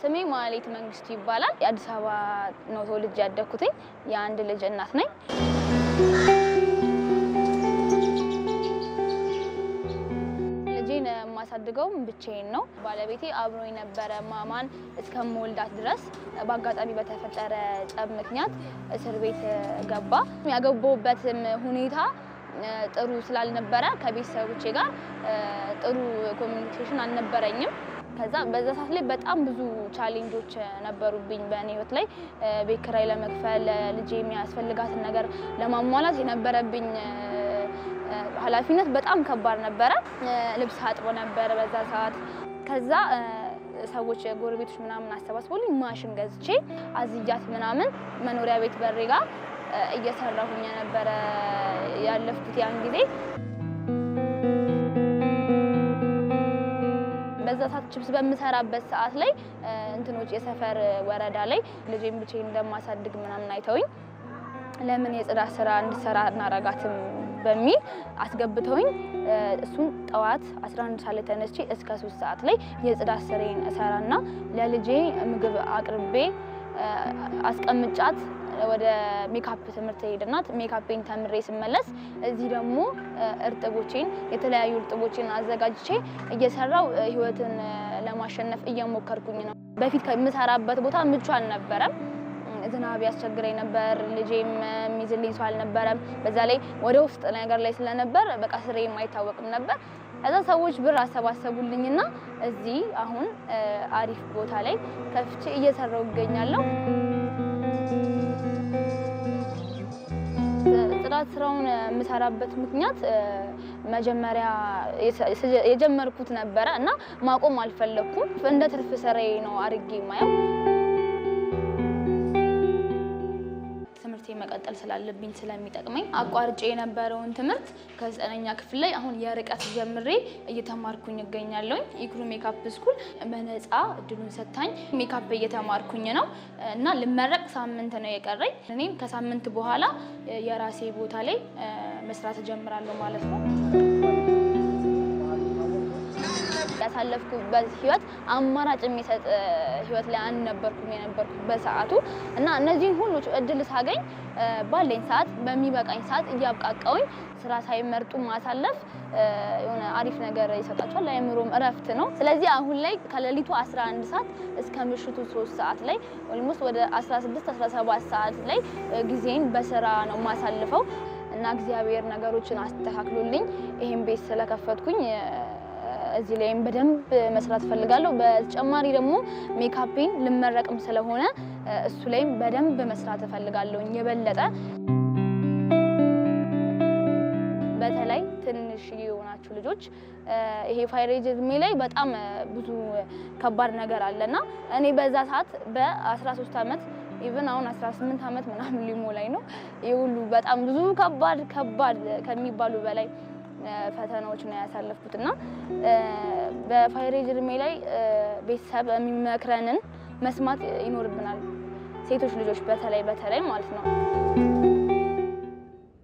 ስሜ ማሌት መንግስቱ ይባላል። የአዲስ አበባ ነው ተወልጄ ያደኩትኝ። የአንድ ልጅ እናት ነኝ። ልጄን የማሳድገውም ብቻዬን ነው። ባለቤቴ አብሮ የነበረ ማማን እስከምወልዳት ድረስ በአጋጣሚ በተፈጠረ ጸብ ምክንያት እስር ቤት ገባ። ያገባሁበትም ሁኔታ ጥሩ ስላልነበረ ከቤተሰቦቼ ጋር ጥሩ ኮሚኒኬሽን አልነበረኝም። ከዛ በዛ ሰዓት ላይ በጣም ብዙ ቻሌንጆች ነበሩብኝ በእኔ ህይወት ላይ ቤት ኪራይ ለመክፈል ልጄ የሚያስፈልጋትን ነገር ለማሟላት የነበረብኝ ኃላፊነት በጣም ከባድ ነበረ። ልብስ አጥቦ ነበር በዛ ሰዓት። ከዛ ሰዎች ጎረቤቶች ምናምን አሰባስበውልኝ ማሽን ገዝቼ አዝያት ምናምን መኖሪያ ቤት በሬ ጋ እየሰራሁኝ የነበረ ያለፍኩት ያን ጊዜ በዛ ችብስ በምሰራበት ሰዓት ላይ እንትኖች የሰፈር ወረዳ ላይ ልጄን ብቻ እንደማሳድግ ምናምን አይተውኝ ለምን የጽዳት ስራ እንድሰራ እናረጋትም በሚል አስገብተውኝ እሱን ጠዋት 11 ሰዓት ላይ ተነስቼ እስከ 3 ሰዓት ላይ የጽዳት ስሬን እሰራና ለልጄ ምግብ አቅርቤ አስቀምጫት ወደ ሜካፕ ትምህርት ሄድና ሜካፔን ተምሬ ስመለስ እዚህ ደግሞ እርጥቦቼን የተለያዩ እርጥቦቼን አዘጋጅቼ እየሰራው ህይወትን ለማሸነፍ እየሞከርኩኝ ነው። በፊት ከምሰራበት ቦታ ምቹ አልነበረም። ዝናብ ያስቸግረኝ ነበር። ልጄም የሚይዝልኝ ሰው አልነበረም። በዛ ላይ ወደ ውስጥ ነገር ላይ ስለነበር በቃ ስሬም አይታወቅም ነበር። ከዛ ሰዎች ብር አሰባሰቡልኝና እዚህ አሁን አሪፍ ቦታ ላይ ከፍቼ እየሰራው ይገኛለሁ። የጥራት ስራውን የምሰራበት ምክንያት መጀመሪያ የጀመርኩት ነበረ እና ማቆም አልፈለግኩም። እንደ ትርፍ ስራዬ ነው አድርጌ ማየው። መቀጠል ስላለብኝ ስለሚጠቅመኝ አቋርጬ የነበረውን ትምህርት ከዘጠነኛ ክፍል ላይ አሁን የርቀት ጀምሬ እየተማርኩኝ እገኛለሁኝ። ኢክሩ ሜካፕ ስኩል በነፃ እድሉን ሰታኝ ሜካፕ እየተማርኩኝ ነው እና ልመረቅ ሳምንት ነው የቀረኝ። እኔም ከሳምንት በኋላ የራሴ ቦታ ላይ መስራት እጀምራለሁ ማለት ነው። ያሳለፍኩበት ህይወት አማራጭ የሚሰጥ ህይወት ላይ አልነበርኩም የነበርኩ በሰዓቱ እና እነዚህን ሁሉ እድል ሳገኝ ባለኝ ሰዓት በሚበቃኝ ሰዓት እያብቃቃውኝ ስራ ሳይመርጡ ማሳለፍ የሆነ አሪፍ ነገር ይሰጣቸዋል። አእምሮም እረፍት ነው። ስለዚህ አሁን ላይ ከሌሊቱ 11 ሰዓት እስከ ምሽቱ 3 ሰዓት ላይ ኦልሞስት ወደ 16 17 ሰዓት ላይ ጊዜን በስራ ነው ማሳልፈው እና እግዚአብሔር ነገሮችን አስተካክሎልኝ ይህን ቤት ስለከፈትኩኝ እዚህ ላይም በደንብ መስራት ፈልጋለሁ በተጨማሪ ደግሞ ሜካፔን ልመረቅም ስለሆነ እሱ ላይም በደንብ መስራት እፈልጋለሁ የበለጠ በተለይ ትንሽ የሆናችሁ ልጆች ይሄ ፋይሬጅ እድሜ ላይ በጣም ብዙ ከባድ ነገር አለና እኔ በዛ ሰዓት በ13 ዓመት ኢቨን አሁን 18 ዓመት ምናምን ሊሞ ላይ ነው ይህ ሁሉ በጣም ብዙ ከባድ ከባድ ከሚባሉ በላይ ፈተናዎች ነው ያሳለፍኩት እና በፋይሬ እድሜ ላይ ቤተሰብ የሚመክረንን መስማት ይኖርብናል። ሴቶች ልጆች በተለይ በተለይ ማለት ነው።